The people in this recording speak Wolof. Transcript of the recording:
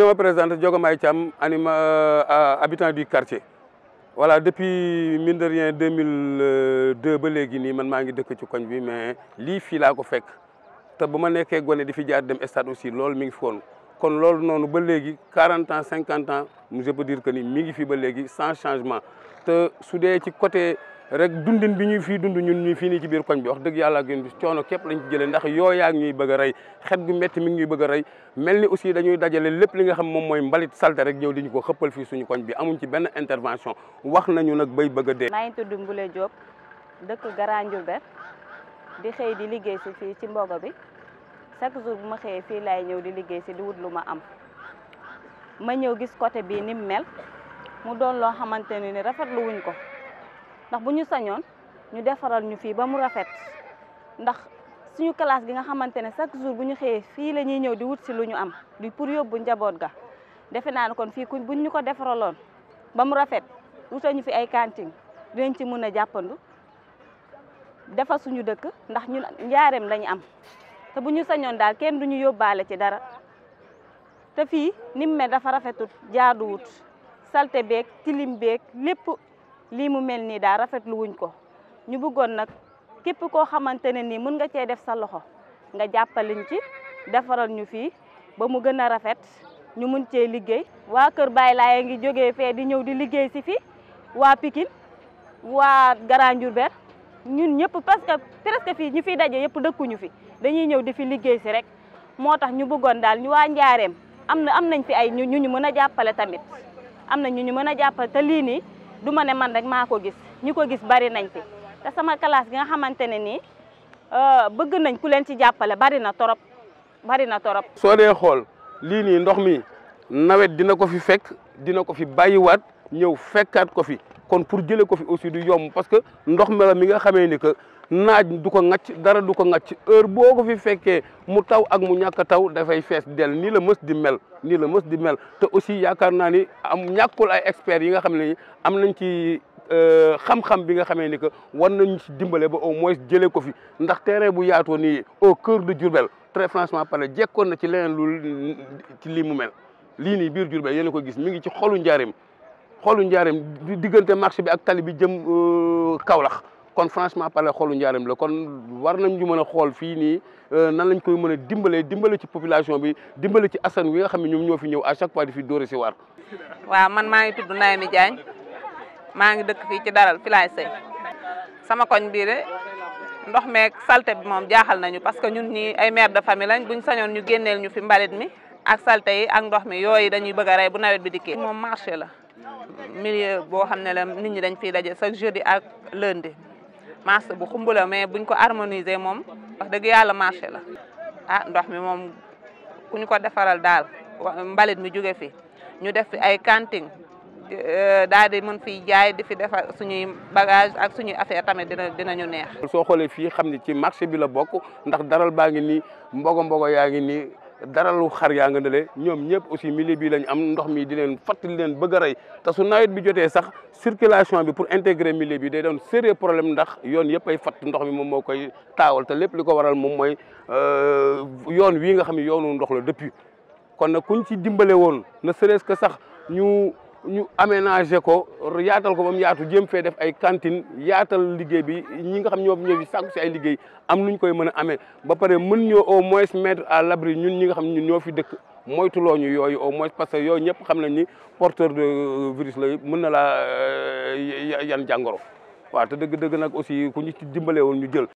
je me présente Diogomaye Thiam anima euh, habitant du quartier voilà depuis mine de rien 2002 ba léegi nii man maa ngi dëkk ci koñ bi mais lii fii laa ko fekk te bu ma nekkee gone di fi jaar dem stade aussi lool mi ngi fi woon kon lool noonu ba léegi 40 ans 50 ans je peux dire que ni mi ngi fi ba léegi sans changement te su dee ci rek dundin bi ñuy fii dund ñun ñuy fii nii ci biir koñ bi wax dëgg yàlla ak yéen bis coono képp lañ ci jëlee ndax yooyaak ñuy bëgg rey xet gu métti mi ngi ñuy bëgg rey mel ni aussi dañuy dajale lépp li nga xam moom mooy mbalit salte rek ñëw di ñu ko xëppal fii suñu koñ bi amuñ ci benn intervention wax nañu nag bay bëgg a dee maa ngi tudd Mboulé Diop dëkk Grand Diourbel di xëy di liggéey si fii ci mbogo bi chaque jour bu ma xëyee fii laay ñëw di liggéey si di wut lu ma am ma ñëw gis côté bii ni mu mu doon loo xamante ni rafetlu wuñ ko ndax bu ñu sañoon ñu defaral ñu fii ba mu rafet ndax suñu classe gi nga xamante ne chaque jour bu ñu xëyee fii la ñuy ñëw di wut si lu ñu am di pour yóbbu njaboot ga defe naa ne kon fii buñ ñu ko defaraloon ba mu rafet wutal ñu fi ay cantine dinañ ci mun a jàppandu defar suñu dëkk ndax ñun njaareem lañu am te bu ñu sañoon daal kenn duñu yóbbaale ci dara te fii nim me dafa rafetut jaaduwut salte beeg tilim beeg lépp limu mu melni da daa rafetlu wuñ ko ñu bëggon nak képp ko xamantene ni mën nga cee def sa loxo nga jàppaliñ ci defaral ñu fi ba mu gëna rafet ñu mën cee liggéey wa Kër bay laay nga joggé fé di ñëw di liggéey ci fi wa pikin wa garanjur Diourbel ñun ñëpp parce que presque fi ñu fi dajé yëpp ñu fi dañuy ñëw di fi liggéey ci rek motax ñu bëggon dal ñu wa ndiarém am amnañ fi ay ñu ñu mëna a tamit amna ñu ñu mëna jappal té li ni du ma ne man rek maa ko gis ñi ko gis bari nañ fi te sama classe gi nga xamante ne nii euh, bëgg nañ ku leen ci jàppale bari na torop bari na torop. soo dee xool lii nii ndox mi nawet dina ko fi fekk dina ko fi bàyyiwaat ñëw fekkaat ko fi. kon pour jëlee ko fi aussi du yomb parce que ndox mi mi nga xamee ni que naaj du ko ŋacc dara du ko ŋacc heure boo ko fi fekkee mu taw ak mu ñàkk taw dafay fees del nii la mës di mel nii la mës di mel te aussi yaakaar naa ni am ñàkkul ay experts yi nga xam ne am nañ ci euh, xam-xam bi nga xamee ni que war nañ ci dimbale ba au moins jëlee ko fi ndax terrain bu yaatoo nii au cur de Diourbel très franchement parler jekkoon na ci leneen lu ci lii mu mel lii nii biir Diourbel yéen a ko gis mi ngi ci xolu njaarim xoolu njaareem diggante marché bi ak tali bi jëm euh, Kaolack kon franchement parler xoolu njaareem la kon war nañ ñu mën a xool fii nii euh, nan lañ koy mën a dimbalee dimbale ci population bi dimbale ci askan wi nga xam ne ñoom ñoo fi ñëw a chaque fois di fi dóore si waar. waa man maa ngi tudd Naimi Diagne maa ngi dëkk fii ci daral fi laay sama koñ bii de ndox meeg salte bi moom jaaxal nañu parce que ñun ñi ay mère de famille lañ buñ sañoon ñu génneel ñu fi mbalit mi ak ak ndox mi yooyu dañuy bëgg a bu nawet bi dikkee. moom marché la. milieu boo xam ne la nit ñi dañ fii daje chaque jeudi ak lundi marché bu xumb la mais buñ ko harmoniser moom wax dëgg yàlla marché la ah ndox mi moom ku ñu ko defaral daal mbalit mi jóge fi ñu def fi ay cantine euh, daal di mën fiy jaay di fi defar suñuy bagage ak suñuy affaire tamit dina dinañu neex soo xoolee fii xam ne ci marché bi la bokk ndax daral baa ngi nii mbogo mbogo yaa ngi nii dara lu xar yaa nga ne ñoom ñëpp aussi milieu bi lañ am ndox mi di leen fàttali leen bëgg a rey te su nawet bi jotee sax circulation bi pour intégrer milieu bi day doon sérieux problème ndax yoon yëpp ay fatt ndox mi moom moo koy taawal te lépp li ko waral moom mooy euh, yoon wii nga xam ne yoonu ndox la depuis kon na kuñ ci dimbale woon ne serait-ce sax ñu. ñu aménagé ko yaatal ko ba mu yaatu jëm fee def ay cantine yaatal liggéey bi ñi nga xam ñoo ñoo sàkku si ay liggéey am nuñ koy mën a amee ba pare mën ñoo au moins mettre à l'abri ñun ñi nga xam ñun ñoo fi dëkk moytuloo ñu yooyu au moins parce que yooyu ñëpp xam nañ ni porteur de virus lay mën na laa euh, yan jàngoro. waaw te dëgg-dëgg nag aussi ku ñu ci dimbalewul ñu jël.